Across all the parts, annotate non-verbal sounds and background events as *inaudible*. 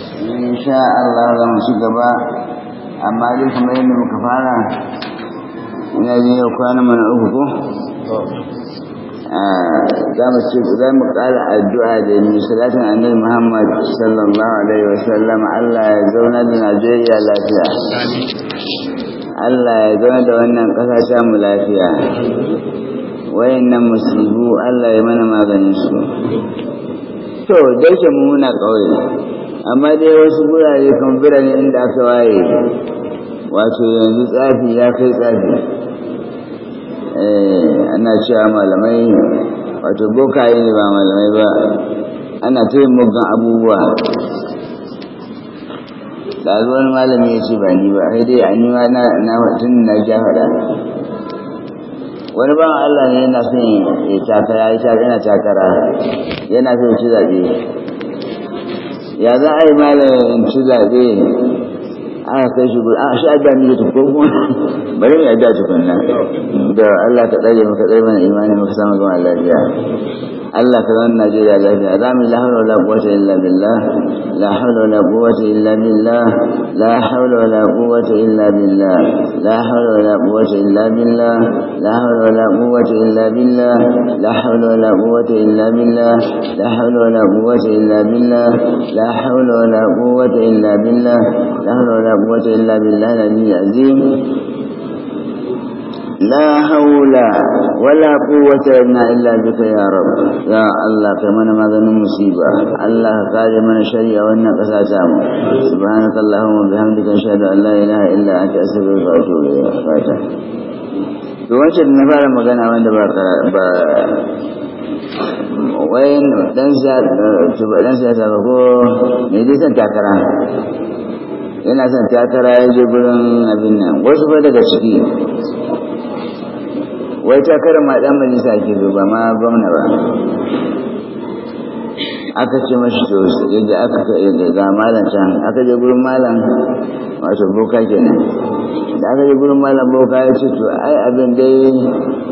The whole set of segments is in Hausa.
in sha Allah za mu ci gaba amma dai kuma yadda muka fara ya je yau kwana mana uku ko ah, za mu ci ƙara addu'a da mai salatin annabi Muhammad sallallahu alaihi Allah ya zauna da Najeriya lafiya Allah ya zauna da wannan ƙasa ta mu lafiya wayannan Allah ya mana maganin su to dai mu muna ƙauye amma dai wasu gurare kan ne inda aka waye wato yanzu tsafi ya kai tsafi eh, ana cewa malamai wato bokaye ne ba malamai ba ana ta yin mugan abubuwa ɗazuwar malami ya ce ba ni ba sai dai an yi ma na tun na ja faɗa wani ba Allah ne yana son ya takara ya yana takara yana son ci zaɓe ya za a yi malayin ci zaɓe aka kai shi gudu a shi adda da ta koko bari mai adda tukunna da Allah ta tsare maka tsare mana imanin maka samun gama lafiya الله كمان جل جل عظام لا حول ولا قوة إلا بالله لا حول ولا قوة إلا بالله لا حول ولا قوة إلا بالله لا حول ولا قوة إلا بالله لا حول ولا قوة إلا بالله لا حول ولا قوة إلا بالله لا حول ولا قوة إلا بالله لا حول ولا قوة إلا بالله لا حول ولا قوة إلا بالله العظيم لا حول ولا قوة إلا بك يا رب يا الله كمان ماذا مصيبة الله قال من شريع وانا قساسام سبحانك اللهم وبحمدك أشهد أن لا إله إلا أنت أستغفرك وأتوب إليك فاتح to wancan na fara magana wanda ba ba wayan dan siyasa ba ko mai dai son takara yana son takara ya je gurin abin nan wasu ba daga ciki wai ta kare ma dan majalisa ke zo ba ma gwamna ba aka ce mashi to yadda aka ga malam can aka je gurin malam wato boka kenan da aka je gurin malam boka ya ce to ai abin dai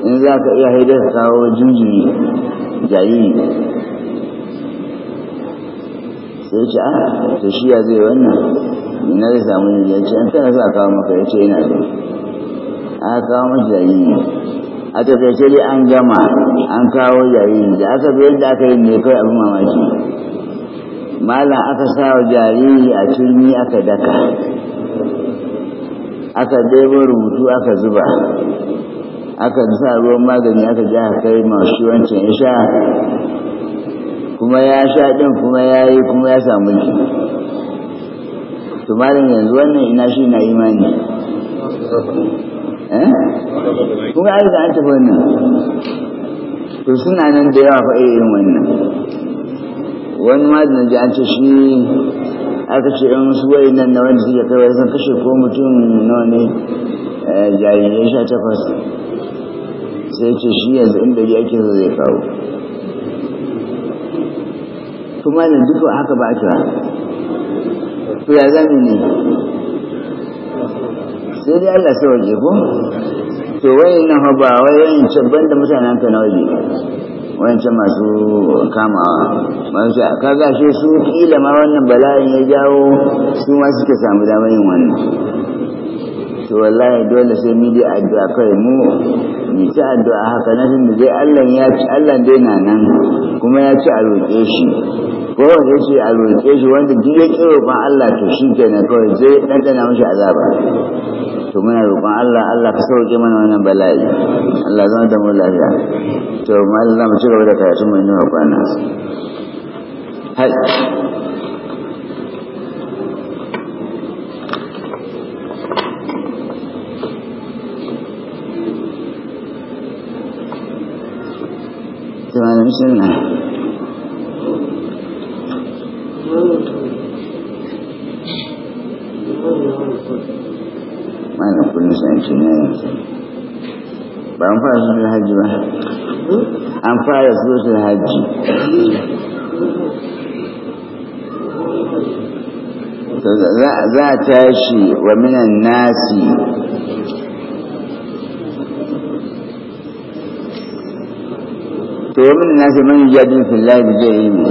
in za ka iya haidar kawo jinjiri jariri sai ce a ah, to shi ya zai wannan na zai samu ya ce an kana za a kawo maka ya ce yana da aka kawo mashi jariri a takaice dai an gama an kawo jariri da aka bi yadda aka yi ne kai abin mamaki malam aka sa wa jariri a turmi aka daka aka ɗebo rubutu aka zuba aka sa ruwan magani aka ji aka kai masu wancan ya sha kuma ya sha ɗin kuma ya yi kuma ya samu ne to malam yanzu wannan ina shi na imani Eh? Kuma ga aiki an tafi wannan to suna nan da yawa fa irin wannan wani ma da ji an ce shi aka ce yan su wai nan na wanda suke kai sun kashe ko mutum nawa ne eh, jarirai sha takwas sai ce shi yanzu inda ya ke zai kawo kuma da duka haka ba ta to ya zami ne sai dai Allah sai waje ko to wai na nan ba yin can banda mutanen ka na waje wai ce masu kamawa masu kaga shi su kila ma wannan bala'in ya jawo su ma suke samu damar yin wannan to wallahi dole sai mu yi addu'a kai mu ni ta addu'a haka nan da dai Allah ya ci Allah dai na nan kuma ya ci a roƙe shi kowane ya ce a roƙe shi wanda duk ya ƙi roƙon Allah to shi na kawai je ɗanɗana mashi azaba to muna roƙon Allah Allah ka sauke mana wannan bala'i Allah zama da mu lafiya to mu Allah mu cigaba gaba da karatun mu inda kwana hai Tuhan malam kullum sai ce na yanzu ba an fara zuwa hajji ba an fara zuwa hajji za a tashi wa minan nasi to wa minan nasi man yajin fillahi bi ilmi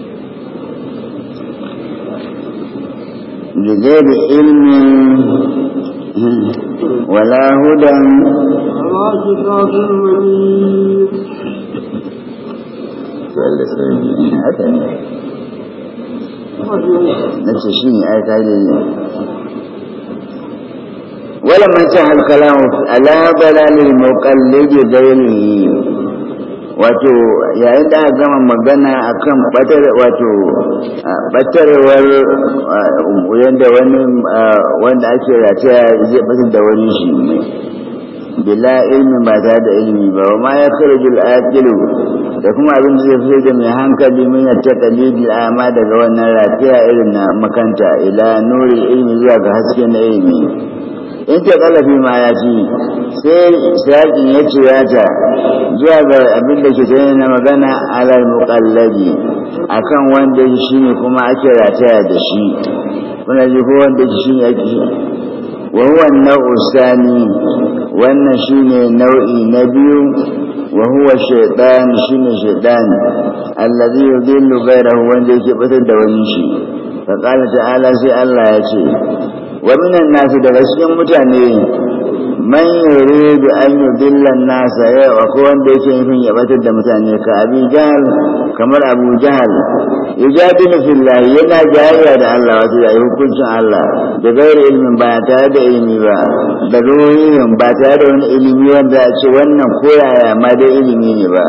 بغير علم ولا هدى نفس الشيء آيات عليه ولما انتهى الكلام الا بلى للمقلد ذيله wato yayin da gama magana akan batar wato batarewar yadda wani wanda ake rataya zai batar da wani shi bila ilmi ba ta da ilmi ba wa ma ya kare bil aqilu da kuma abin da zai fi da mai hankali min ya ta amma daga wannan rataya irin na makanta ila nuri ilmi zuwa ga haske na ilmi In yake kalafi ma ya ci sai shaƙin ya ce ya ta zuwa ga abin da ke tsaye na magana alal muƙallabi a kan wanda shi ne kuma ake rataya da shi wanda ji ko wanda shi ne ake wa huwa nau'u sani wannan ne nau'i na biyu wa huwa shi ne shaytan allazi yudillu ghayrahu wanda yake batar da wani shi fa qala ta'ala sai Allah ya ce wa minan nasu daga cikin mutane man yuridu an yi dillan nasa eh, yau ko wanda yake yin ya batar da mutane ka abi jahal kamar abu jahal yujadilu fillahi yana jayayya da Allah wato da hukuncin Allah da gairi ilmin ba tare da ilimi ba da ruhin ba tare da wani ilimi wanda a ce wannan koyaya ma dai ilimi ne ba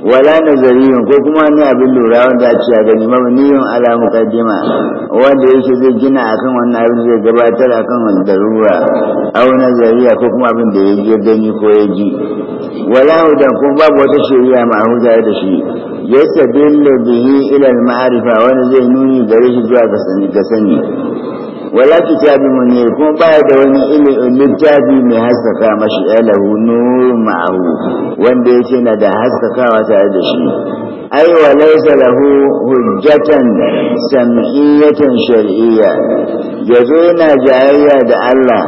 wala nazariyin ko kuma wani abin lura wanda a ce a gani mabniyin ala muqaddima wanda yake zai gina akan wannan abin zai gabatar akan wani darura au nazariya ko kuma abin da ya gani ko ya ji wala hudan kuma babu wata shari'a huda da shi ya sabilla bihi ila ma'arifa wani zai nuni gare shi zuwa ga sani wala kitabi yi kuma baya da wani littafi mai haskaka mashi alahu nur ma'ahu wanda yake na da haskakawa tare da shi ai wa laysa lahu hujjatan sam'iyatan shar'iyya ya zo yana jayayya da Allah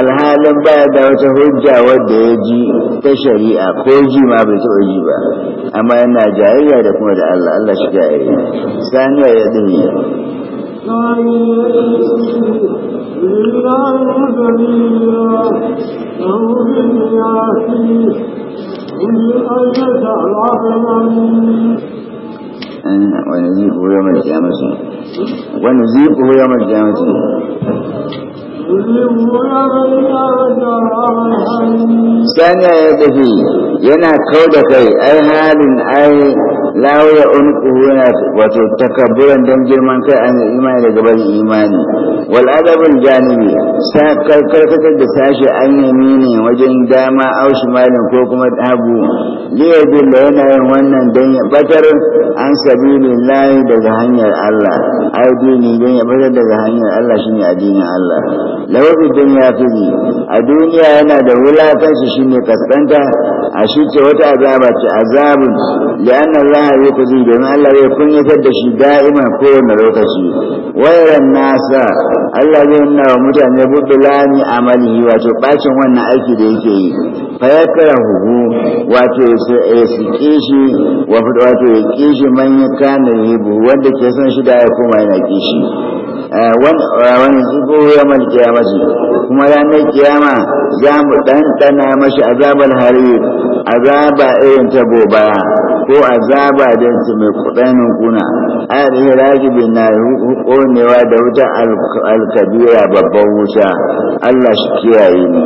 alhalin ba da wata hujja wadda ya ji ta shari'a ko ji ma bai taɓa ji ba amma yana jayayya da kuma da Allah Allah shi jayayya yi saniya ya dumi قل أين ونذيقه يوم القيامة ونذيقه يوم القيامة sani ya tafi yana kau da kai ai halin ai lawo ya unquhu wato takabburan dan girman kai an imani daga gaban imani wal adabul janibi sa karkatar da sashi an ne wajen dama aushi malin ko kuma ne liya da yana yin wannan dan ya batar an sabilillahi daga hanyar Allah ai dini dan ya batar daga hanyar Allah shine addinin Allah lawo ya fi a duniya yana da wulakanci shine kaskanta a shi ce wata azaba ce azabun li'anna la yukhzi domin Allah zai kunyatar da shi ko kowane lokaci wayaran nasa Allah zai nuna wa mutane budulani amali wato bacin wannan aiki da yake yi fa huhu wato ya sike shi wato ya kishi man ya kana yibu wanda ke son shi da ya koma yana kishi eh, wani tsiko eh, ya malki ya mace kuma ranar kiyama za mu ɗanɗana mashi azabar hari azaba irin ta gobara ko azaba don su mai kudanin kuna a ayar hiragibin na konewa da wuta alkabira babban wuta Allah shi kiyaye ne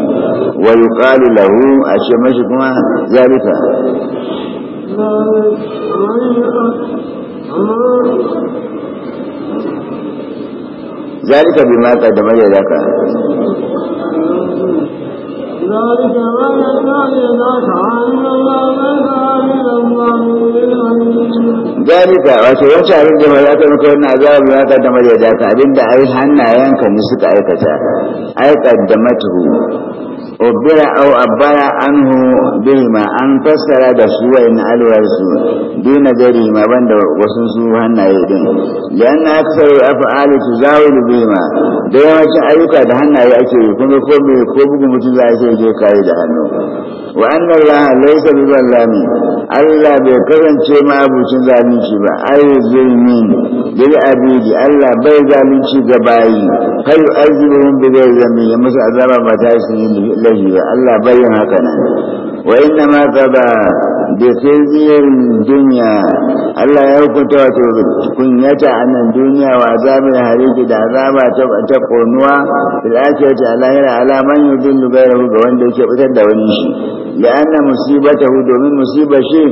wa yuqalu lahu a ce mashi kuma zalika zalika bi ma kaddama da zaka ذلك ولد يداك عن الله لك من الله wato wacce abin da mai zata maka wannan azabu da kaddama da ka abin da ai hannayenka ne suka aikata da kaddamatu أبرا أو أبرا عنه بهما أن فسر دسوة إن الورسو دون جري ما بند وسنسوها النايدين لأن أكثر الأفعال تزاول بهما دائما أيوكا دهنا يأتي كن كوب كوب متزا يأتي جيكا يدهنو وأن الله ليس بظلام الله بكرن شيما أبو من شبا أي ظلمين للأبيد الله من شبا باي فيؤذبهم بغير ذنبهم مثل أذابا ما تايسين zai Allah haka nan wa inna ma qada bi khizyir dunya Allah ya hukunta wato kunyata duniya wa azabin da azaba ta konuwa akhirati alahira ala man yudillu ga wanda yake fitar da wani shi ya anna musibatahu domin musibar shi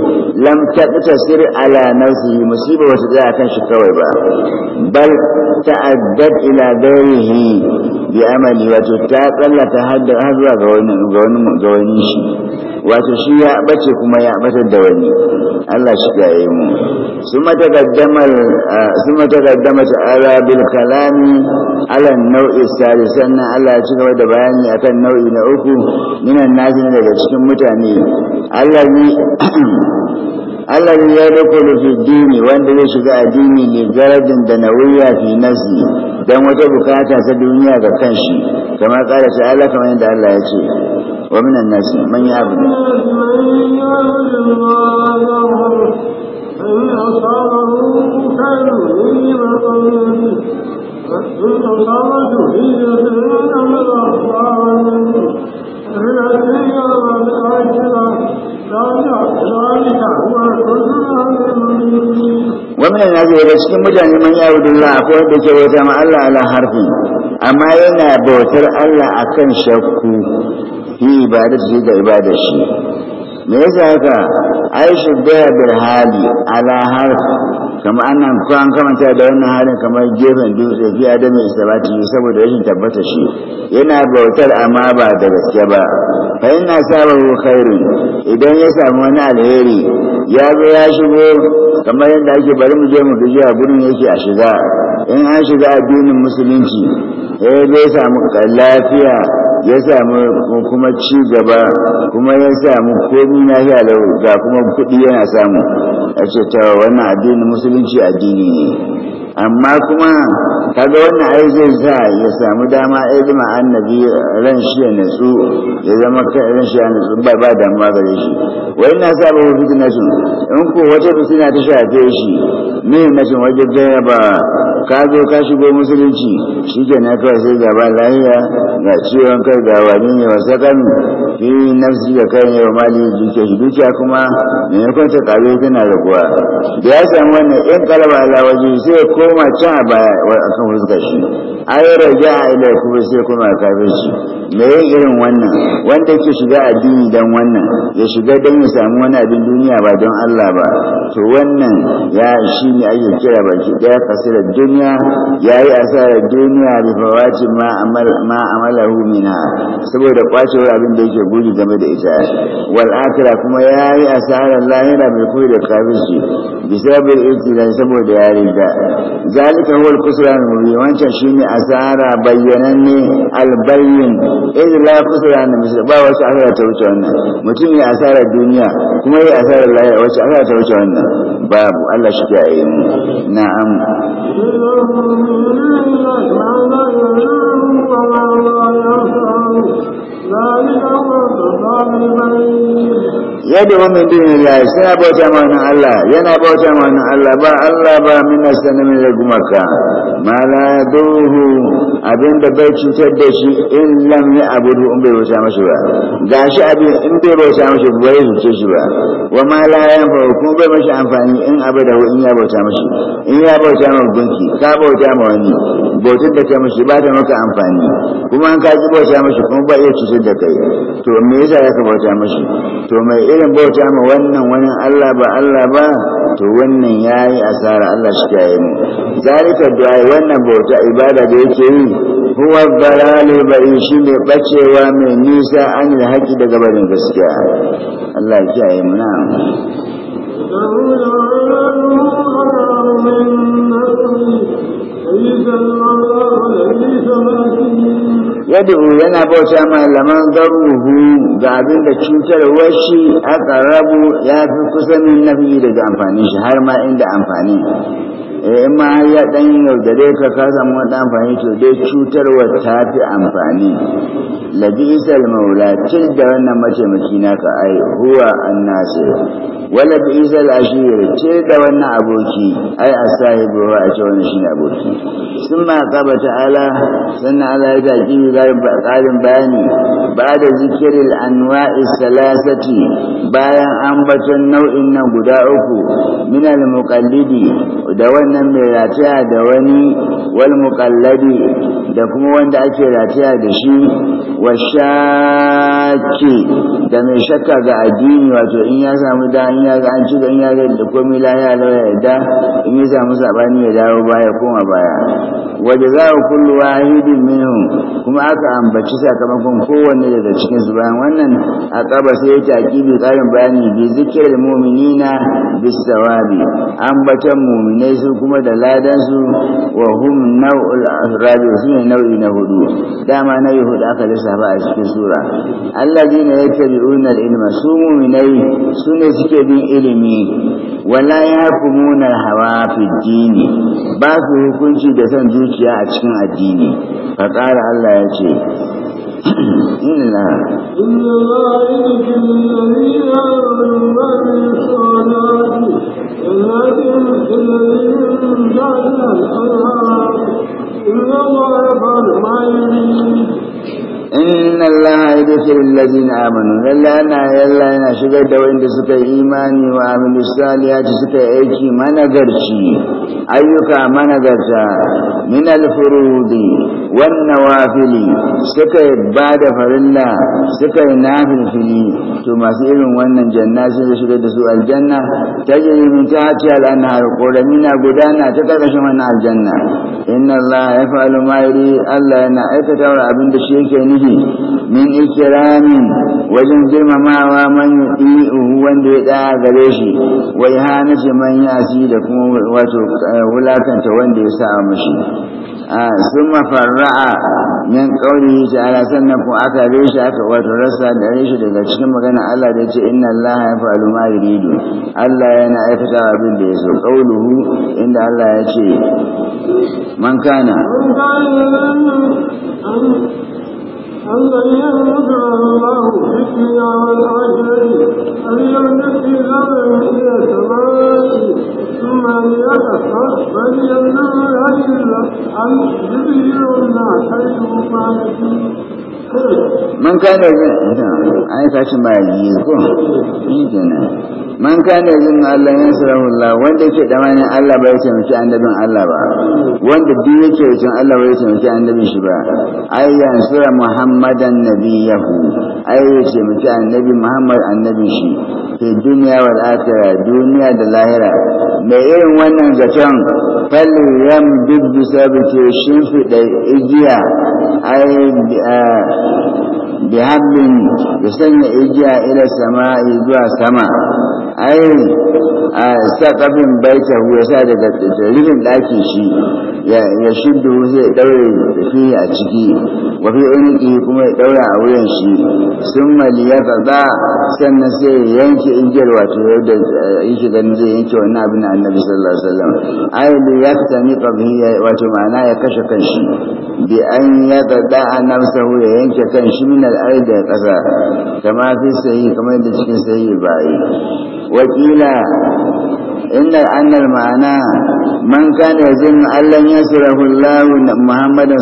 lam taqtasir wata da kan kawai ba bal ta'addar ila bi amali wato ta tsallaka har zuwa ga wani ga wani ga wani shi wato shi ya bace kuma ya batar da wani Allah shi ya yi mu suma ta gaddama ta ala bil kalami ala nau'i salis sannan Allah ya ci gaba da bayani akan nau'i na uku minan nasi daga cikin mutane Allah ni Allah ya da fi dini wanda zai shiga addini ne garajin da nawiya fi nafsi dan wata bukata ta duniya ga kanshi kamar kare ta Allah kamar yadda Allah ya ce wa minan nasi man ya abu Thank you. wannan ya daga cikin mutane man yawo dilla akwai wanda ke bauta ma Allah ala harfi amma yana bautar Allah akan shakku fi ibadar shi da ibadar shi me yasa haka aishu da bil hali ala harfi Kamar ana ko an kamanta da wannan halin kamar gefen dutse fi adamu isabati saboda rashin tabbata shi yana bautar amma ba da gaske ba fa ina sabahu khairu idan ya samu wani alheri ya zo ya shigo kamar yadda ake bari mu je mu duje a gurin yake a shiga in an shiga addinin musulunci eh zai samu lafiya ya samu kuma ci gaba kuma ya samu komi na shi lau ga kuma kuɗi yana samu a ce ta wannan addinin musulunci addini ne amma kuma kaga wannan ai zai sa ya samu dama ilma annabi ran shi ya nutsu ya zama ran shi ya natsu ba ba ma gare shi Wai na sa ba na su in ko wata fitina ta shafe shi ne na shi waje da ba ka zo ka shigo musulunci shi ke na kawai sai ba lahiya ga ciwon kai ga wani ne wa sakan fi nafsi da kai ne wa mali duke shi dukiya kuma ne ta kare tana raguwa da ya samu wannan in kalaba ala waje sai ko koma can a baya a kan fuskar shi ai raja ila kuma sai kuma kafin shi me yin irin wannan wanda ke shiga addini dan wannan ya shiga dan ya samu wani abin duniya ba don Allah ba to wannan ya shi ne ake kira baki daya fasira duniya ya yi asarar duniya da fawacin ma amalahu minha saboda kwacewar abin da yake guri game da ita wal akira kuma ya yi asarar lahira mai koyi da kafin shi bisabil saboda ya riga zalika huwa al-khusran mubin wancan shine asara bayyananne al-bayyin in eh, la khusran misal ba wasu asara ta wuce wannan mutum ya asara duniya kuma ya asara lahira wasu asara ta wuce wannan babu Allah shi kiyaye mu na'am yadda wani dinin lai suna bauta ma Allah yana bauta ma Allah ba Allah ba min nasta na min gumaka ma la yadurruhu abinda bai cutar da shi in lam ya abudu in bai rosa mashi ba gashi abin in bai rosa mashi ba bai zuce shi ba wa ma la yanfa kuma bai mashi amfani in abada ko in ya bauta mashi in ya bauta mashi gunki ka bauta mashi wani bautar da ke mashi ba ta maka amfani kuma an ka ki bauta mashi kuma ba iya cutar da kai to me yasa ya ka bauta mashi to mai irin bauta ma wannan wani Allah ba Allah ba to wannan yayi asara Allah shi kiyaye mu zalika da wannan bauta ibada da yake yi huwa ba in shi ne bacewa mai nisa an yi haƙi daga barin gaskiya Allah ya yi na yad'u yana bauta malaman zarruhu ga abin da cutarwar shi a rabu ya fi kusa min nafi daga amfanin shi har ma inda amfani eh ma ya dan dai ka kasa mu wani amfani to dai wa ta fi amfani labisal maula til da wannan na ka ai huwa annasi wala bi'sal ashir ce da wannan aboki ai asahibu wa a ce wani shine aboki sun ma ta ala sannan Allah ya zaki ƙarin bayani ba da zikirin anwa'i salasati bayan an bato nau'in nan guda uku minal muqallidi da wannan mai rataya da wani wal da kuma wanda ake rataya da shi wa shaki da mai shakka ga addini wato in ya samu da in ya an ci da da komai lahiya lawa ya da in ya samu sabani ya dawo baya koma baya wa jazaa'u kullu wahidin minhum kuma aka ambaci sakamakon kowanne wani daga cikin su bayan wannan aqaba sai ya taki bi karin bayani bi zikir mu'minina bis sawabi ambatan mu'minai su kuma da ladan su wa hum naw'ul azrabi su ne nau'i na hudu dama na hudu aka lissafa a cikin sura alladina yattabi'una al-ilma su mu'minai su ne suke bin ilimi wala yahkumuna hawa fi dini ba su hukunci da san zuciya a cikin addini fa Allah ya ce إلا إلا ذلك الذين آمنوا بالصلاة ولكن الذين جعل الأنهار إلا الله يفعل ما يريد إن الله يدخل الذين آمنوا لله أنا يلا أنا شجد وإن سكى إيماني وعملوا الصالحات سكى إيكي ما نقرشي أيك ما نقرشا من الفروض والنوافل سكى بعد فرلا سكى نافل فلي ثم سئل وأن الجنة شجد سوء الجنة تجري من تحتها الأنهار من أقدانا تتغش من الجنة إن الله يفعل ما يريد الله أنا أكتور أبن بشيكني ubangiji min ikiramin wajen girmamawa man yudi'uhu wanda ya da gare shi wa ihanati man yasi da kuma wato eh, wulakanta wanda ya sa mashi ah, sun mafarra'a min kauli ala sannan kuma aka reshe aka wato rasa da reshe daga cikin magana Allah da ce inna Allah ya fa'alu ma yuridu Allah yana aikata abin da ya so kauluhu inda Allah ya ce man kana الذي يدعو الله في الدنيا والآخرة أن يمتد الأمر إلى السماء ثم ليقف فليمنعوا الأجل عن جبير الناس حيث قالت man kana jin ai sashi ba yi Allah ya sarahu Allah wanda yake da mani Allah bai san miki annabin Allah ba wanda duk yake cin Allah bai san miki annabin shi ba ai ya sura Muhammadan nabiyahu ai ya ce miki annabi Muhammad annabin shi Ke duniya wal akhirah duniya da lahira mai irin wannan zaton falyam dubbi sabike shi fi da igiya ai bi habbin ya sanya igiya ila sama'i zuwa sama ai a sa kafin baita ya sa daga rufin ɗakin shi ya shiddu zai daure fihi a ciki wa fi uniki kuma ya daura a wurin shi sun mali ya ba sannan sai yanke injiyar wato yadda eh, yake ganin zai yanke wannan abin na annabi sallallahu alaihi wasallam ayyudu ya tani qabihi wato ma'ana ya kashe kanshi bi an ya tada nafsahu ya yanke kanshi min al-ard da kasa kama fi sahihi kamar da cikin sahihi yi. wakila inna annal ma'ana من كان يظن أن لن يسره الله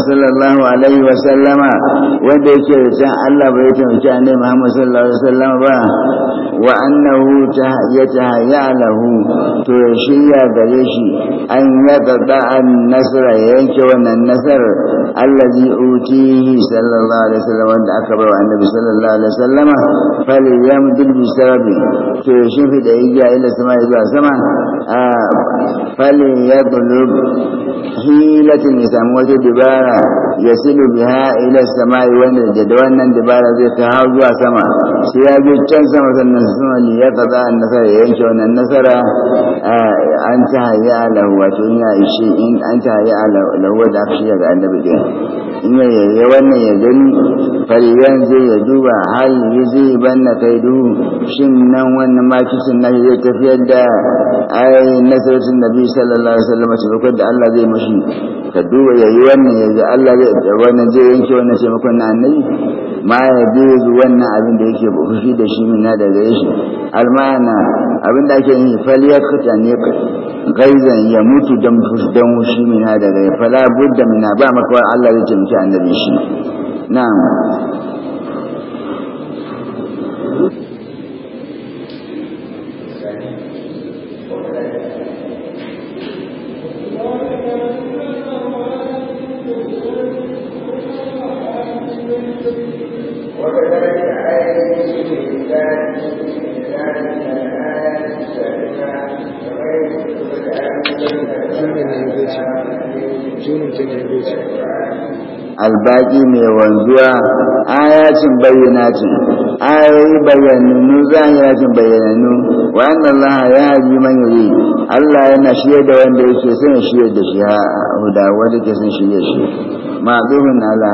صلى الله عليه وسلم wanda yake da Allah bai taimaki annabi Muhammad sallallahu an yaqta an nasra yanke wannan nasar allazi utihi sallallahu لا يضلل حيلة يسامو دبارة يسل بها إلى السماء والنجد وأن الدبارة زي تهاوز سما سياجي كان سما سنسما ليقضى النصر ينشون النصر أنت هيا له وتنيا إشي أنت هيا له ودعفشي هذا النبي دين إن يوانا يدن فريقان زي يدوبا هل يزيبن كيدو شنن وأن ما كسن نجد أي نسرة النبي صلى الله عليه وسلم alaihi wasallam taimakon da Allah zai mashi ka duba ya yi wannan ya ji Allah zai wannan zai yanke wannan taimakon na annabi ma ya biyu zu wannan abin da yake bufushi da shi min na daga shi almana abin da ake yi faliyakta ne gaizan ya mutu don dan shi min na daga fala budda min ba maka Allah zai ce taimaki annabi shi na. rashin bayyanaci ai bayyanannu za a yi rashin bayyanannu wa Allah ya haji man yi Allah yana shirya da wanda yake son shirya da shi ha huda wanda ke son shirya shi ma zuhun ala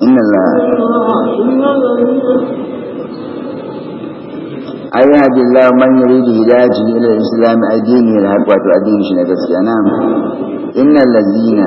inna Allah ayi haji Allah man yuridu hidayati ila al-islam adini la haqqa to adini shi na gaskiya na inna ladina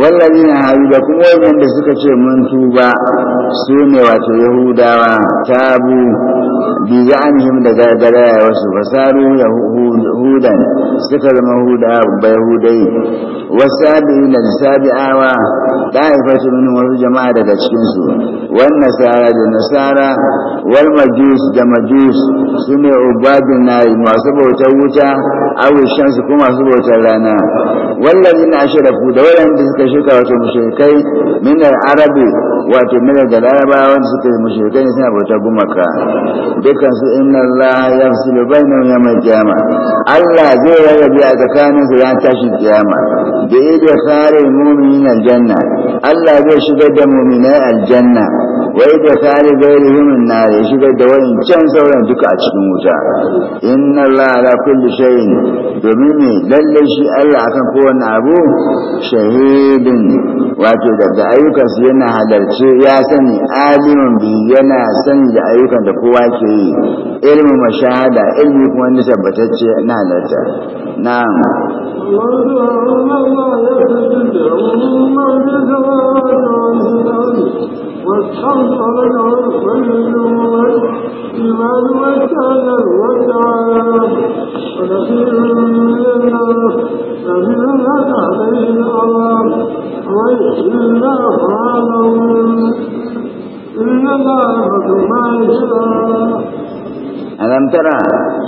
wallazi na hari da kuma wanda suka ce mun tuba su ne wato yahudawa tabu bi za'anihim da gargaraya wasu da hudan suka zama huda ba yahudai wasabi da sabi'awa da'ifatu min wasu jama'a daga cikinsu su wan nasara da nasara wal majus da majus su ne ubadun nari masu bautar wuta awishan su kuma masu bautar rana wallazi na ashrafu da waɗanda suka shuka wato mushrikai min arabi wato min da wanda suka yi mushrikai ne suna bautar gumaka dukkan su inna Allah ya fasilu bainahum mai qiyama Allah zai rarrabe a tsakanin su ya tashi kiyama da idkhari na aljanna Allah zai shigar da mu'minai aljanna wai da sari gairi yunin na ya shigar da wani can sauran duka a cikin wuta inna Allah ala kulli shay'in domin ne lalle shi Allah akan kowane abu shahidin wato da ayyukan su yana halarci ya sani alimin bi yana sani da ayyukan da kowa ke yi ilmi mashahada ilmi kuma na tabbatacce na halarta na'am Allah والشمس والنور والإيمان والشهر والعالم ونسير من الناس نبي الله عليه الأمام ويحيي الله عالم إن الله ما يشاء ألم ترى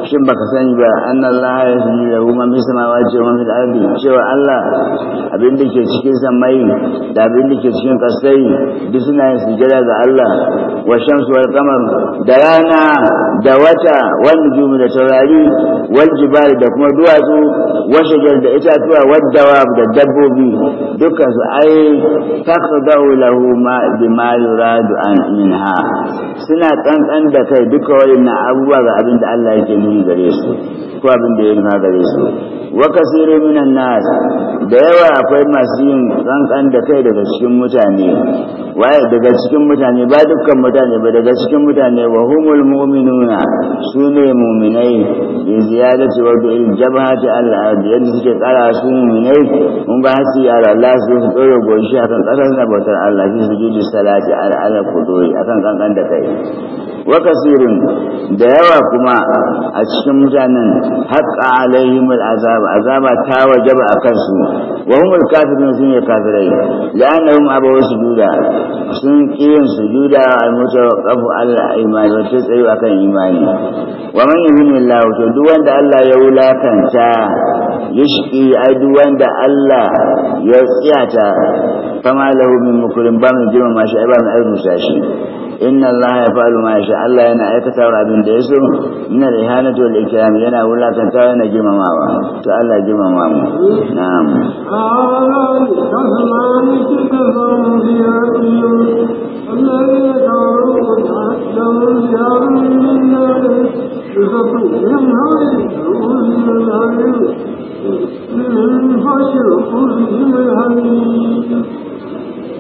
shin baka sani ba annan laha ya sami da kuma fi samawa ce wa fil ardi cewa Allah abin da ke cikin samai da abin da ke cikin kasai duk suna yin sujada ga Allah wa shamsu wal qamar da rana da wata wal nujumi da taurari wal jibali da kuma duwatsu wa shajar da itatuwa wad dawab da dabbobi dukkan su ai taqdahu lahu ma bima yuradu an minha suna tsantsan da kai duka wayannan abubuwa ga abin da Allah yake nuna yi gare su ko abin da ya yi gare su wa kasiru minan nas da yawa akwai masu yin kankan da kai daga cikin mutane waye daga cikin mutane ba dukkan mutane ba daga cikin mutane wa humul mu'minuna su ne mu'minai bi ziyadati wa bi jabhati allah yadda suke kara su mu'minai mun ba su ya Allah su tsoro goshi akan kasan na bautar Allah fi sujudi salati ala quduri akan kankan da kai wa kasirun da yawa kuma a cikin mutanen haƙa alaihim azaba azaba ta wajaba a kansu wa humul kafirun sun yi kafirai la'annahum abawu sujuda sun kiyin sujuda al mutawaqqafu al imani wa tsayu akan imani wa man yuhinillahu to duk wanda Allah ya wulakanta yashki ai duk wanda Allah ya tsiyata fama lahu min mukrim ba mai إن الله يفعل ما يشاء الله أنا يتتورى آية من ديسه من الإهانة والإكرام هنا ولا تتورى نجم ماما تألى جم ماما نعم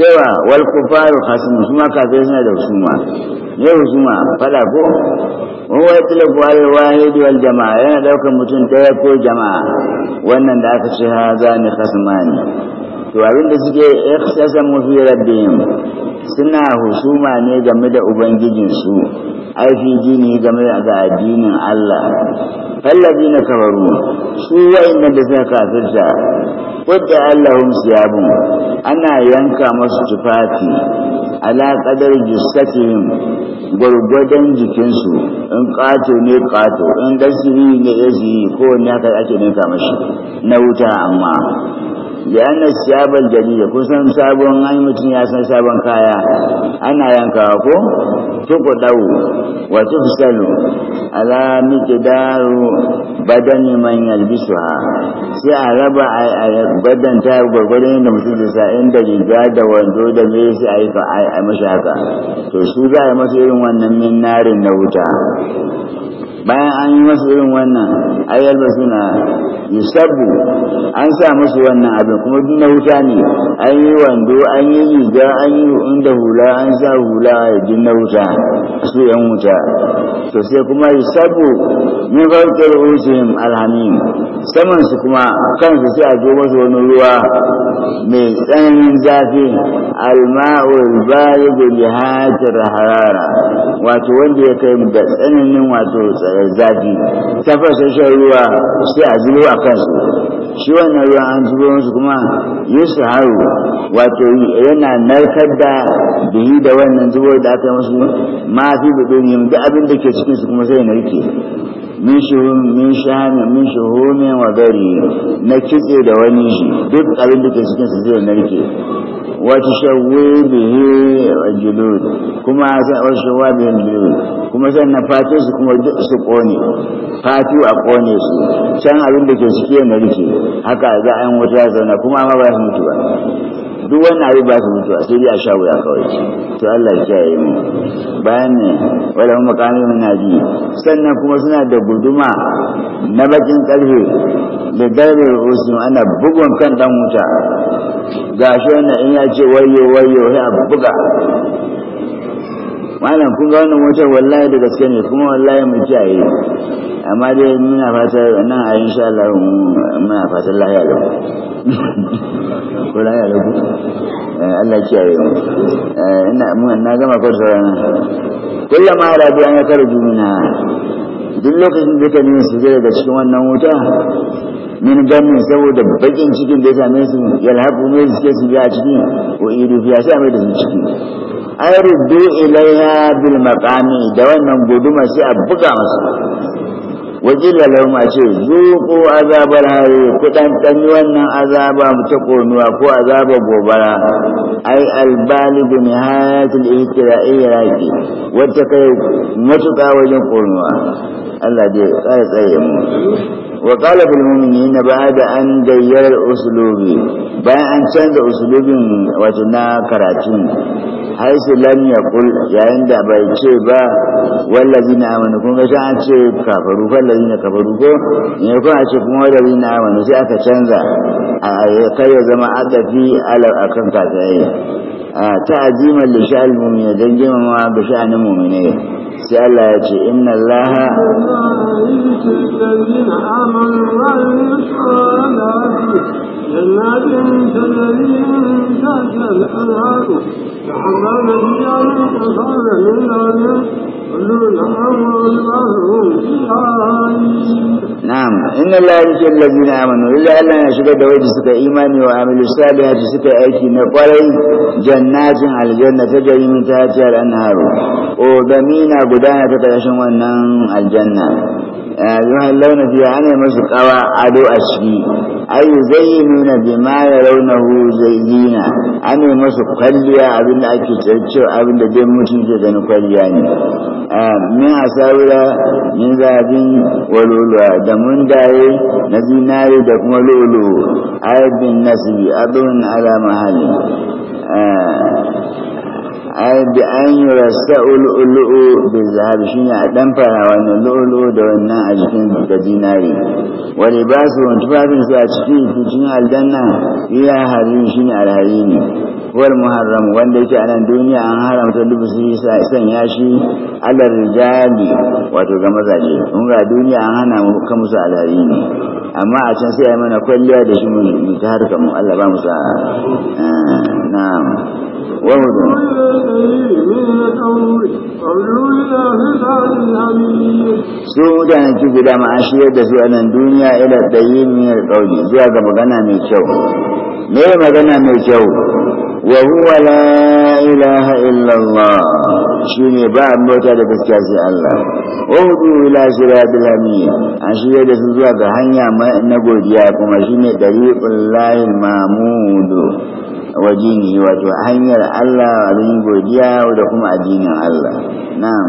cewa wal kufaru khasmu suma kafirai suna da husuma ne husuma fada ko wa yatlabu al wahid wal jamaa yana ɗaukar mutum daya ko jama'a wannan da aka ce hazani khasmani to abin da suke ihtasamu fi rabbihim suna husuma ne game da ubangijinsu ai fi jini game da addinin Allah fallabi na kafaru su wa'annan da suka kafirta wadda Allahum siyabun ana yanka masu tufafi ala qadar jissatihim gwargwadon jikinsu in ƙato ne ƙato in gasiri ne ya ko ne aka ake ninka mashi na wuta amma li'anna siyabal jadida kusan sabon an mutum ya san sabon kaya ana yanka ko tuku dau wa tufsalu ala miqdaru badani man yalbisuha sai a raba a badan ta gwargwadon da mutum zai sa inda riga da wando da me sai a yi fa a mashi to su za a yi masa irin wannan min narin na wuta bayan an yi masu irin wannan ba suna yusabu an sa musu wannan abin kuma duk na wuta ne an yi wando an yi riga an yi inda hula an sa hula a yi na wuta su yan wuta to sai kuma yusabu min farkar usihim alhamim saman su kuma kansu sai a zo masu wani ruwa mai tsananin zafi alma'ul bayi da harara wato wanda ya kai da tsananin wato tsaye zafi tafasashen ruwa sai a zubo a kan shi wannan ruwan an zubo musu kuma yusu haru wato yana narkar da bihi da wannan zubo da aka masu ma fi budurin da abin da ke cikinsu kuma zai narke min shuhun min shahamin min wa gari na kitse da wani shi duk abin da ke cikin su zai narke wata shawwe bihi julud kuma wata shawwa bihi julud kuma sannan fatin su kuma su kone fatu a kone su can abin da ke suke na rike haka za a yi wata ya zauna kuma ma ba su mutu ba duk wani abin ba su mutu sai biya a sha wuya kawai to Allah ya kiyaye mu bayan ne wala mu makami mun naji sannan kuma suna da guduma na bakin karfe da dare usu ana bugun kan dan wuta gashi wannan in ya ce wayo wayo ya buga malam kun ga wannan wata wallahi da gaske ne kuma wallahi mun ci ayi amma dai muna fata nan a insha Allah muna fatan lahiya da ko lahiya da ku eh, Allah yi ayi eh, ina mun na gama kwarsa rana kullama rabi an ya karju mina duk lokacin da ka nuna su zai daga cikin wannan wuta min gamin saboda bakin cikin da ya same su yalhaku ne ke su biya ciki ko iri fiya sai mai da su ciki ai ruddu ilaiha bil maqami da wannan guduma sai a buga masu wakila lahum ma ce zuku azabar hari ku ɗanɗani wannan azaba ta konuwa ko azaba gobara ai albali bi nihayatul ihtira'i raki wacce kai matuƙa wajen konuwa Allah dai tsare tsare mu wa qala bil mu'minina ba'da an dayyara uslubi bayan an canza uslubin wato na karatun haisu lam yaqul yayin da bai ce ba wallazina amanu kun ga an ce kafaru fal الذين كفروا كون يكون اشكم الذين امنوا سي اكا تنزا كاي زما اكا في على اكن كاي تعظيم لشان المؤمن دنجما ما بشان المؤمن سي الله يجي ان الله na'am inna allaha yuhibbul ladina amanu illa allah ya shigar da wanda suka imani wa amilu salihati suka aiki na kwarai jannatin aljanna ta jari min tahtiha al-anharu o zamina gudana ta karshen wannan aljanna yuhallawna fiha ana masu kawa ado a ciki ay yuzayyinuna bima yarawnahu zayyina ana masu kwalliya abinda ake cewa abinda dai mutum ke ganin kwalliya ne min asawira min zabin walolo da mun daye na zinari da kuma lolo aibin nasibi a ala mahalli bi an yi rasta ulu'u da zahabi shi ne a ɗan fara wannan lu'ulu'u da wannan a jikin da dinari wani ba su wani tufafin su a cikin cikin aljanna iya hari shi ne alhari ne wal muharram wanda yake a nan duniya an haramta lubusi sanya shi alar rijali wato ga mazaje kun ga duniya an hana mu kan musu alhari ne amma a can sai a mana kwalliya da shi mu ta harkar mu Allah ba mu sa'a na'am wa su na ki guda ma an shirya da su a nan duniya ila ɗayi miyar ƙauli zuwa ga magana mai kyau me magana mai kyau wa huwa la ilaha illallah shi ne ba a bauta da gaskiya sai Allah wa hudu ila siratul hamid an shirya da su zuwa ga hanya na godiya kuma shine dariqul lahil mamudu wajini wato hanyar Allah abin godiya da kuma addinin Allah na'am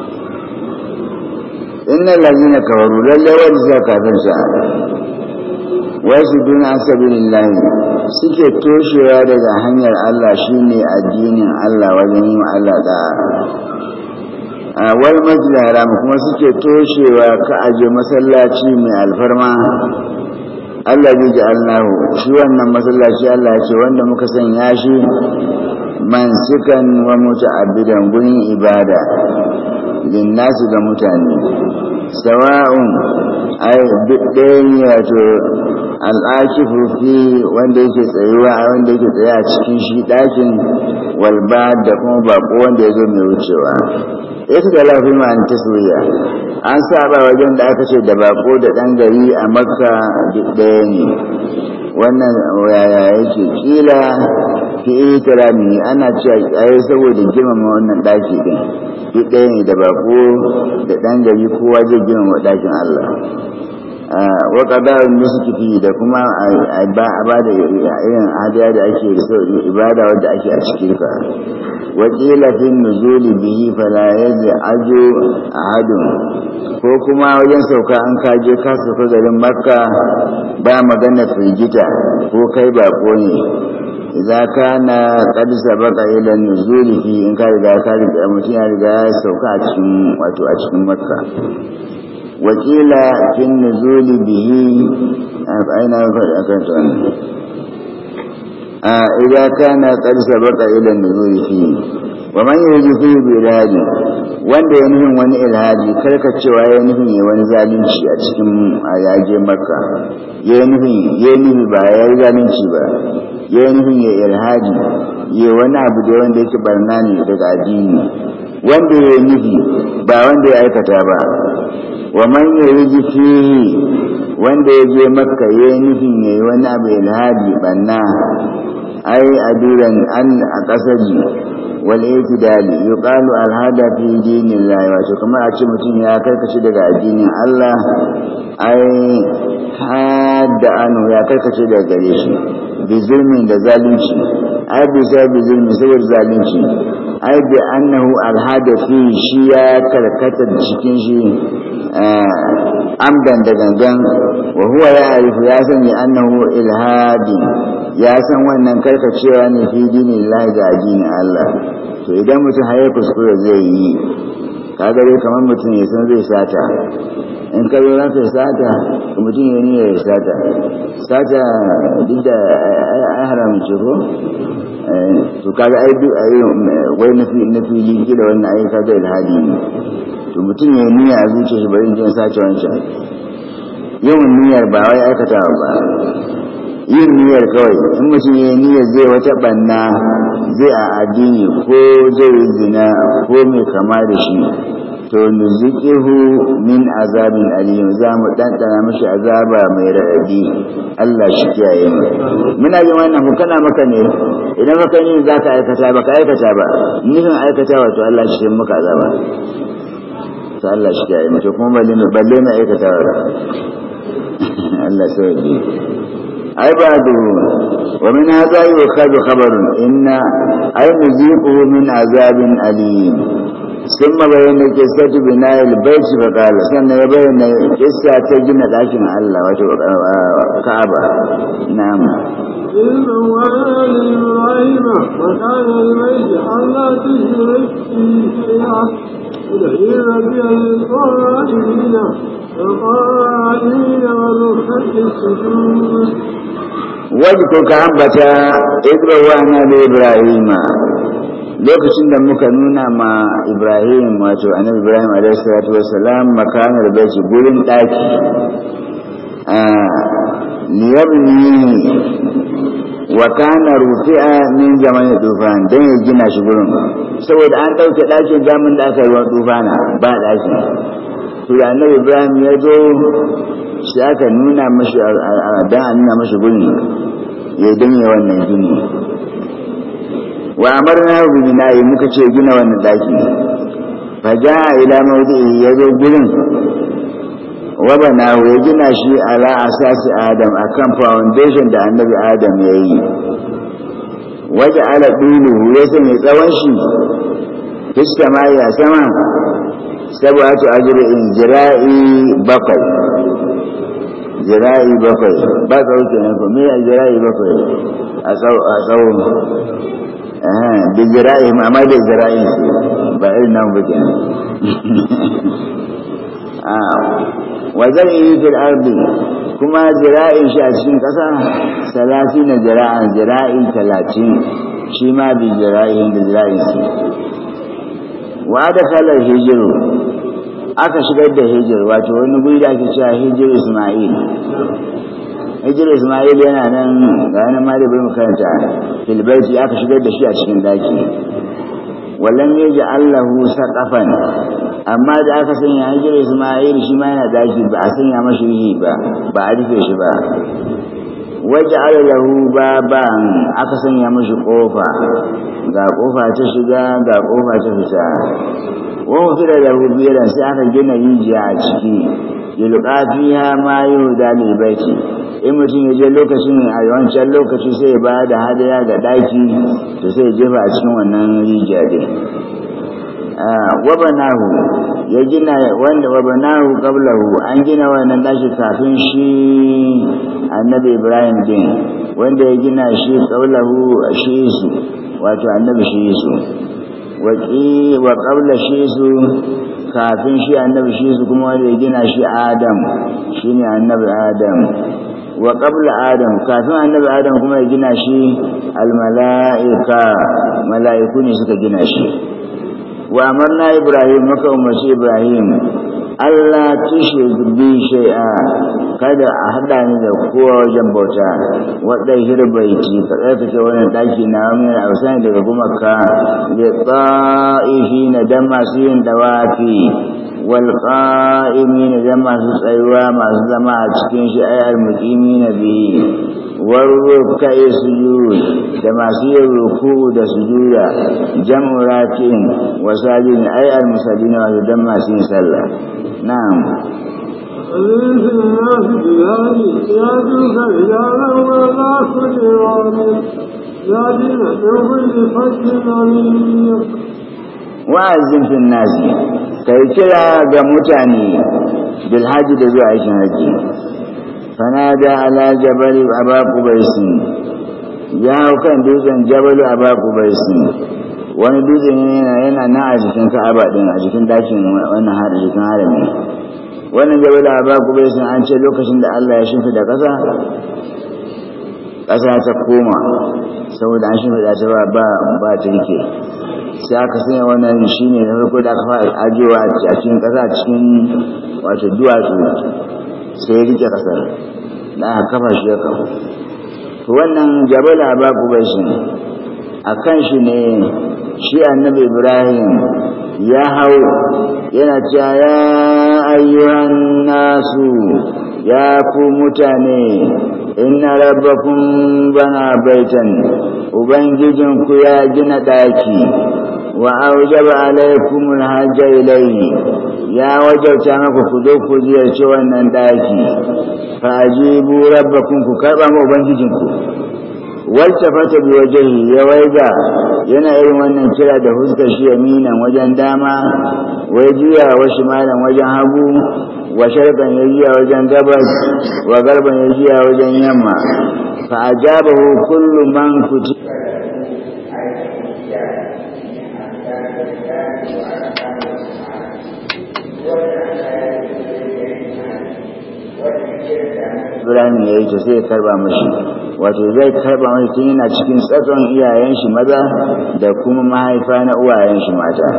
inna na kafaru lallai wanda suka kafin sa wasu duna an sabilillahi suke toshewa daga hanyar Allah shine addinin Allah wajen yin Allah da a wal haram kuma suke toshewa ka aje masallaci mai alfarma Allah bi ji Allahu shi wannan masallaci Allah ce wanda muka sanya shi mansukan wa muta'abbidan gurin ibada nasu da mutane sawa'un ai ɗayan wato al'akifu fi wanda yake tsayuwa wanda yake tsaya a cikin shi ɗakin walba da kuma baƙo wanda ya zo mai wucewa ita da lafi ma ta soya an saba wajen da aka ce da bako da ɗan gari a makka duk ɗaya ne wannan yaya yake kila kira ne ana cewa yi saboda girmama wannan ɗaki ɗin ɗaya ne da bako da ɗan gari kowa zai girmama ɗakin Allah wa kada da kuma a ba da irin hadiya da ake da ibada wadda ake a cikin ka wa qila nuzuli bihi fala a hadin ko kuma wajen sauka an kaje ka sauka garin makka ba magana firgita ko kai ba ne ka na qad sabaqa ilan nuzuli fi in ka riga ka riga mutum ya riga sauka a cikin wato a cikin makka وقيل في النزول به أين أفعل أكثر إذا كان قد سبق إلى النزول فيه wa man yarzuhu bi ilhadi wanda ya nufin wani ka cewa ya nufin ya wani zalunci a cikin a yaje makka ya nufin ya nuhin ba ya yi zalunci ba ya nufin ya ilhadi ya wani abu da wanda yake barna ne daga addini wanda ya nufi ba wanda ya aikata ba wa man yarzuhu wanda ya je makka ya nufin ya yi wani abu ilhadi banna ai aduran an a kasari wal'itidali yuqalu alhada fi dinillahi wato kamar a ce mutum ya karkace daga addinin Allah ai hada anu ya karkace daga gare shi bi zulmin da zalunci ai bisa bi zulmi saboda zalunci ai bi annahu alhada fi shi ya karkata cikin shi eh, amdan da gangan wa huwa ya arifu ya sani annahu ilhadi ya san wannan karkacewa ne fi dini lillahi da addinin Allah to idan mutum haye kuskure zai yi kaga dai kamar mutum ya san zai sata in ka zo za ka sata mutum ya niyar ya sata sata duk da ai haramci ko eh, to kaga ai duk ai wai na fili da wannan ai kaga ilhadi ne to mutum ya niyar a zuciya shi bari jin sace wancan yawan niyyar ba wai aikata ba yin niyyar kawai in mutum ya niyyar zai wata banna zai a addini ko zai zina ko mai kama da shi to nuzikihu min azabin alim za mu ɗanɗana mashi azaba mai raɗaɗi Allah shi kiyaye mu muna jin wannan ku kana maka ne idan maka ne za ka aikata ba ka aikata ba nufin aikata wa to Allah shi yin maka azaba to Allah shi kiyaye mu to kuma balle mu balle mu aikata wa *laughs* Allah sai ya عباده ومن هذا يؤخذ خبر إن أي نذيقه من عذاب أليم ثم بين قصة بناء البيت فقال سن بين قصة تجمع لكن الله وكعبة نعم إبراهيم وقال لبيت ألا تشرك في أحد إلى بأن القائلين والقائلين والمحدث السجود كعبة إبراهيم lokacin da muka nuna ma ibrahim wato annabi ibrahim alaihissalatu wassalam makanar baiti gurin daki ɗaki liyabni wa kana rufi'a min zaman tufan dan ya gina shi gurin saboda an ɗauke dakin zaman da aka yi wa tufana ba ɗaki to da annabi ibrahim ya zo shi aka nuna mashi dan an nuna mashi gurin ya danye wannan gini wa amarna bi bina'i muka ce gina wannan daki fa jaa ila mawdi'i zo gurin wa bana ya gina shi ala asasi adam akan foundation da annabi adam yayi waje ala dulu ya sanya tsawon shi fiska ma ya sama sabatu in jira'i bakwai jira'i bakwai ba tsawo kenan ko me jira'i bakwai a tsawo Ah, da ma amma da jira'ihim ba irin nan ba kenan ah, wa zai yi fil ardi kuma jira'in shi a cikin ƙasa salati na jira'an jira'in talatin shi ma bi jira'in da jira'in su wa da kalar hijiru aka shigar da hijir wato wani guri da ake cewa hijir ismail hijir ismail yana nan ga wani mali bai makaranta filibaiti aka shigar da shi a cikin daki wallan ya ji allahu saƙafan amma da aka sanya hijir ismail shi ma yana daki ba a sanya mashi yi ba ba a rufe shi ba waje alalahu baban aka sanya mashi ƙofa ga ƙofa ta shiga ga ƙofa ta fita wani fira da biran sai aka gina rijiya a ciki yulqa fiha ma yuhda baiti in mutum ya je lokacin a yawancin lokaci sai ba da hadaya ga daki to sai ya jefa a cikin wannan rijiya din wabanahu ya gina wanda wabanahu qablahu an gina wannan dashi kafin shi annabi Ibrahim din wanda ya gina shi qablahu shi wato annabi shi waƙi wa ƙabla shi su kafin shi annabi shi su kuma wanda ya gina shi adam shi ne annabi adam wa ƙabla adam kafin annabi adam kuma ya gina shi almala'ika mala'iku ne suka gina shi wa amarna ibrahim maka umarci ibrahim Allah tushrik bi shay'a kada a hada ni da kowa wajen bauta wadda kada ka fita wannan daki na min alsani daga gumaka bi ta'ihi na dan masu yin dawafi wal qa'imin dan masu tsayuwa masu zama a cikin shi ayar muqimi na bi yi sujud da masu yin ruku da sujuda jam'u rakin wa sajidin ay al musallina wa masu yin sallah na'am wa'azin fin nasi kai kira ga mutane bilhaji da zuwa aikin haji فنادى على جبل أبا قبيس ya hau kan dutsen jabalu a baku bai wani dutsen yana nan a jikin ka'aba din a jikin dakin wannan jikin harami wannan jabalu a baku bai an ce lokacin da Allah ya shimfi da ƙasa ƙasa ta koma saboda an shimfi ta ba ba ba tirke sai aka sanya wannan shine na farko da aka fara ajewa a cikin ƙasa cikin wato duwatsu sai ya rike kasar da aka kafa shi ya kafa to wannan jabala ba ku bai shi ne a shi ne shi annabi ibrahim ya hau yana cewa ya ayyuhan nasu ya ku mutane inna rabbakum bana baitan ubangijinku ya gina daki wa aujaba alaikum alhajja ilayhi ya wajauta maku ku zo ku ziyarci wannan daki fa bu rabbakum ku karba ma ubangijinku waltafata bi wajhi ya waiga yana irin wannan kira da huska shi yaminan wajen dama wai jiya wa shimalan wajen hagu wa sharban ya jiya wajen gabas wa garban ya jiya wajen yamma fa ajabahu kullu man kutiya Ibrahim ya yi ta sai ya karba mashi wato zai karba mashi tun yana cikin tsatson iyayen shi maza da kuma mahaifa na uwayen shi mata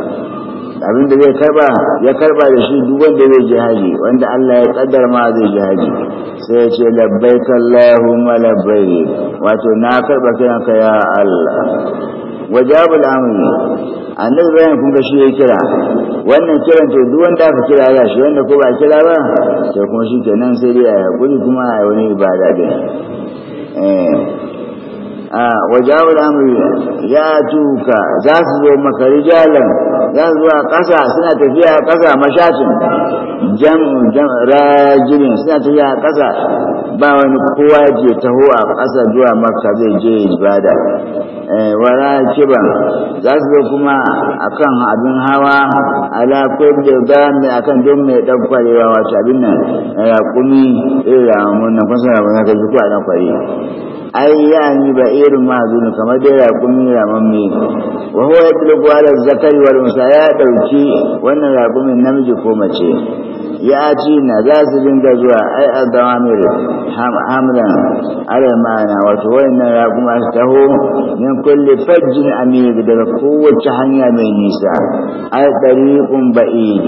abin da zai karba ya karba da shi duk wanda zai ji haji wanda Allah ya tsadar ma zai ji haji sai ya ce labbaik Allahumma labbaik wato na karba ka ya Allah wajabul amri annabi bayan kun ga shi ya kira wannan kiran to duk wanda aka kira ya shi wanda ko ba kira ba to kuma shi kenan sai dai a hakuri kuma a wani ibada din eh Ah, wajawo al'amari ya tuka za su zo maka rijalan za su zuwa ƙasa suna tafiya ƙasa mashashin rajinin suna tafiya ƙasa ba wani kowa je taho a ƙasa zuwa maka zai je ibada eh, wara kiban za su zo kuma akan abin hawa ala da ba mai akan don mai ɗan kwarewa wato abin nan eh, raƙumi irin eh, ramun nan kun suna ba za ka ji ko a dan kwari ai ya ni ba ba'irin mahzun kamar dai raƙumi ramamme wa huwa zakari wal ya ɗauki wannan raƙumin namiji ko mace ya ci na za su dinga zuwa ai adamir hamlan ala ma'ana wato wannan raƙuma su taho min kulli fajjin amir daga kowace hanya mai nisa ai tariqun ba'id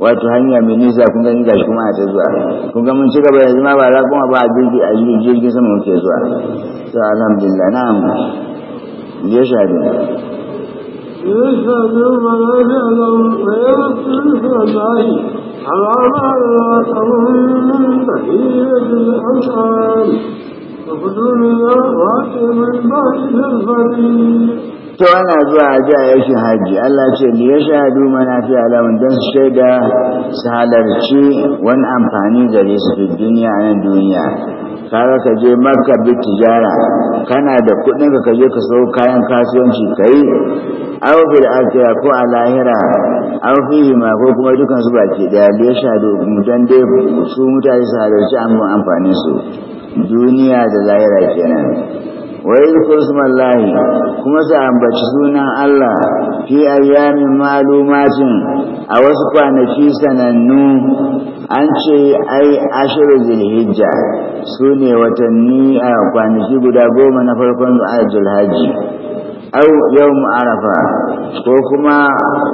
wato hanya mai nisa kun gani gashi kuma ta zuwa kun mun ci gaba yanzu ma ba raƙuma ba a jirgin sama muke zuwa to لعناهم يجهل يشهد الملائكة ويغفر الله على ما رأتهم من تحية الأنعام وخدومها واتي من بعد الفريق to ana zuwa a ji a yake hajji Allah ce da ya shahadu mana fi alamun don su shaida su halarci wani amfani gare su duniya a nan duniya kaga ka je makka bi tijara kana da kuɗin ka je ka sau kayan kasuwanci kai aw fil akhirah ko a lahira aw fihi ma ko kuma dukan su baki da ya shado mutan dai su mutane su halarci amma amfanin su duniya da lahira kenan wa yadhkuru lahi, kuma su ambaci sunan Allah fi ayyamin malumatin a wasu kwanaki sanannu an ce ai ashirin zilhijja su ne watanni a kwanaki guda goma na farkon zuwa hajji au yawm arafa ko kuma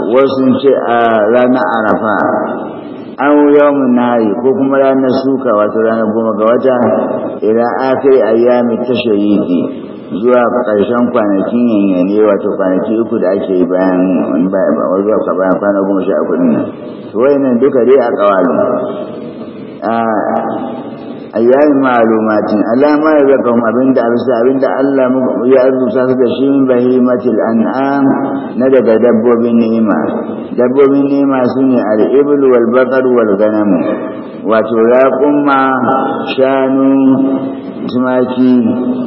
wasu ce a ranar arafa an yawon nari ko kuma ranar suka wato ranar goma ga wata ila akai ayyami tashariki zuwa ƙarshen kwanakin yanyane wato kwanaki uku da ake yi bayan zuwa ka bayan kwana goma sha kudin nan wai nan duka dai a ƙawalin ah, ayyayin ma'alumatin alama ya zaka abinda abisa abinda Allah ya arzuta su da shi min bahimatil an'am na daga dabbobin nema. dabbobin nema sune al-ibl wal baqar wal ghanam wato kuma shanu tumaki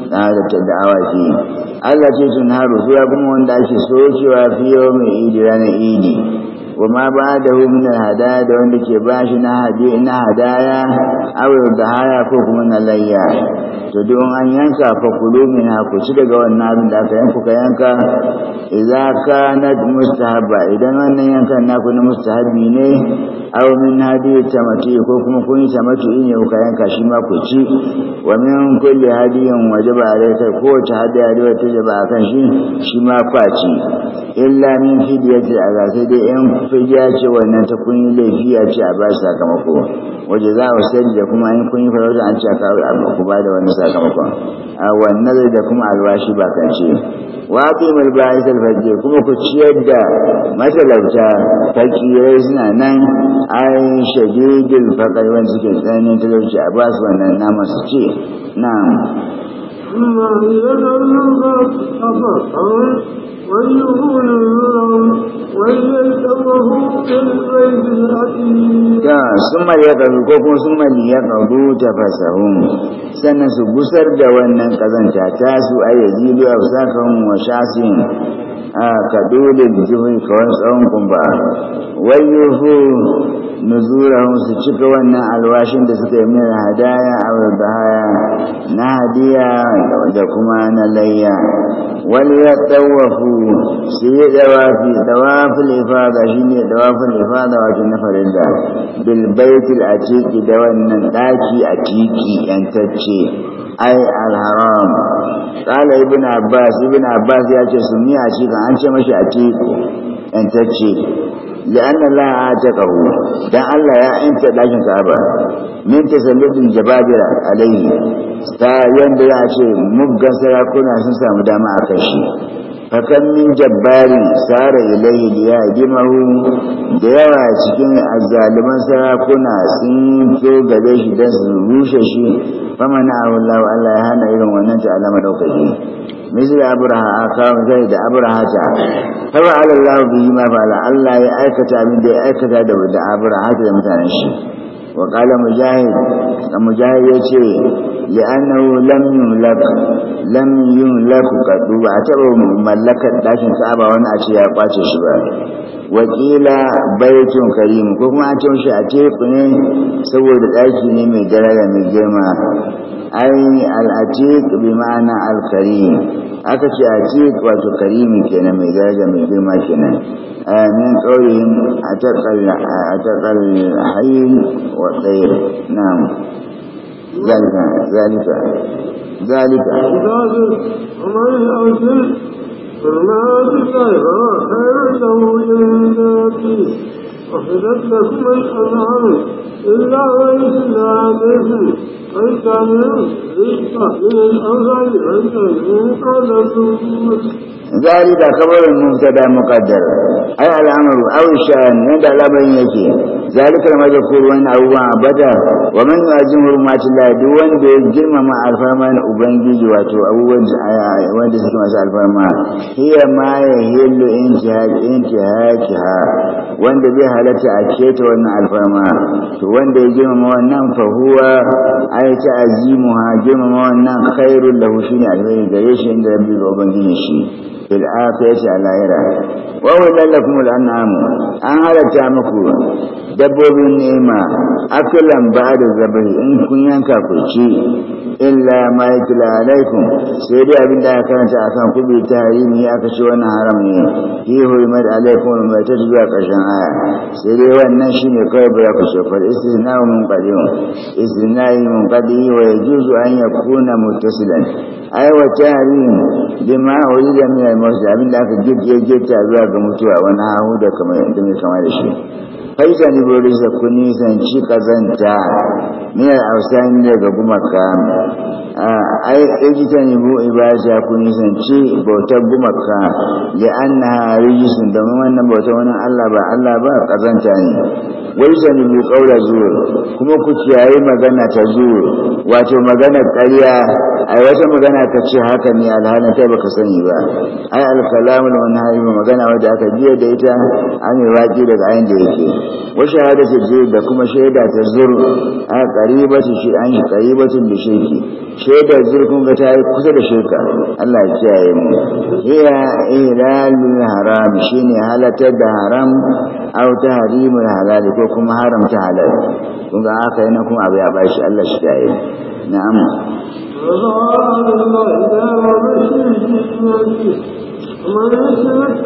da awaki Allah ce sun haru su ya kuma wanda ake sokewa fiye mai idi ranar idi wa ma ba da min hadaya da wanda ke bashi na hadi na hadaya aw haya ko kuma na layya to don an yanka fa kulu min ku ci daga wannan abin da aka yanku ka yanka idza kanat mustahabba idan wannan yankan ku na mustahabi ne aw min hadi tamati ko kuma kun yi tamati ne ka yanka shi ma ku ci wa min kulli hadiyin wajaba alayka ko ta hadiya da wata jaba kan shi shi ma kwaci illa min fidiyati a sai dai yan in ya ce wannan ta kun yi laifi a ce a ba sakamako waje za a da kuma an kun yi farauta an ce a ku ba da wani sakamako a wannan da kuma alwashi ba kan ce waƙi mai bayan salfaje kuma ku ciyar da matalauta fakirai suna nan ayin shagidin fakar wani suke tsananin talauci a ba su wannan naman su ce na da sun maliyakaru ko kuma sun maliyakaru ta fasahun sannan su gusar da wannan kazanta ta su a yi jiliya sakan wa shasin a kadolin jihohi kawai tsawon kumba wayyuhu nuzurahun su cika wannan alwashin da suka yi mera hadaya a wadda na hadiya da kuma na layya wani ya tsawafu su yi dawafi dawafin da shi ne dawafin ifada wato na farilla bilbaitul a ciki da wannan ɗaki a ciki yantacce ai alharam ƙala ibn abbas ibn abbas ya ce su a cikin an ce mashi a ciki yantacce da an Allah ya ta ƙaho dan Allah ya inta dakin Ka'aba min tasallubin jababir alayhi ta yanda ya ce muggan sarakuna sun samu dama a kai shi fakan min jabbari sara ilaihi liya gimahu da yawa cikin azzaliman sarakuna sun so gare shi don su rushe shi Fa faman Allah Allah ya hana irin wannan ta alama daukaki misal abraha akawo zai da abraha ta fara Allah bihi ma fa'ala Allah ya aikata min da ya aikata da abraha da mutanen shi وقال مجاهد مجاهد يتي لأنه لم يملك لم يملك قد وعتبه ملكة لكن كعبة وانا أتي أقوات الشباب وقيل بيت كريم كما أتم شعتيقني سوى الأجن من درجة من جمع أي العتيق بمعنى الكريم أكت عتيق وكريم كنا من درجة من جمع كنا من قولهم أتقى الحي وخير نعم ذلك ذلك ذلك ومن أوسل فما تكلم خير له جنات فتذكر من الأنهار إلا ويسنى عليه أنت من أنت من zari da kabarin mubtada muqaddar ay al amru aw shan ne da labarin yake zalika ma da kurwan abuwa abada wa man yajin hurmatin la duk wani da ya girma ma ubangiji wato abubuwan da aya wanda suke masa alfarma hiya ma ya hillu in jihad in jihad wanda bi ha halatta a keta wannan alfarma to wanda ya girmama wannan fahuwa ai ta azimu ha girmama wannan khairul lahu shine alheri gare shi inda rabbi ga ubangiji shi fil a lahira wawai lallakumul an'amu an halatta muku dabbobin nema akilan ba da zabai in kun yanka ku ci illa ma alaikum sai dai abin da aka karanta akan ku bi tahrimi aka ce wannan haram ne yi hurmat alaikum ma ta zuwa ƙarshen aya sai dai wannan shine kawai ba ku so fa istisna mun qadim yi mun qadi wa yajuzu an yakuna mutasilan ai wa tahrim bima urida min al-mawsi abin da aka gidje a zuwa ga mutuwa wani hahu da mai kama da shi faisa ni bori sa kuni zanci kazanta miyar ausani daga gumaka ai rijita ne bu ibasha kuni zanci bautar gumaka da anna yi rijisun domin wannan bautar wani allah ba allah ba kazanta ne waisa ne bu kaura zuwa kuma ku kiyaye magana ta zuwa wato magana ƙarya ai wata magana ka ce haka ne alhalin kai baka sani ba ai alkalamul wani magana wadda aka biya da ita an yi daga ayin da yake wa shahadatu zur da kuma shaida ta zur a qaribatu shi an shi qaribatu bi shaida zur kun ga ta yi kusa da shirka Allah ya kiyaye mu hiya ilalul haram shi ne halatar da haram aw tahrimul halal ko kuma haramta halal kun ga yi na kuma abu ya bashi Allah shi kiyaye na'am وَمَا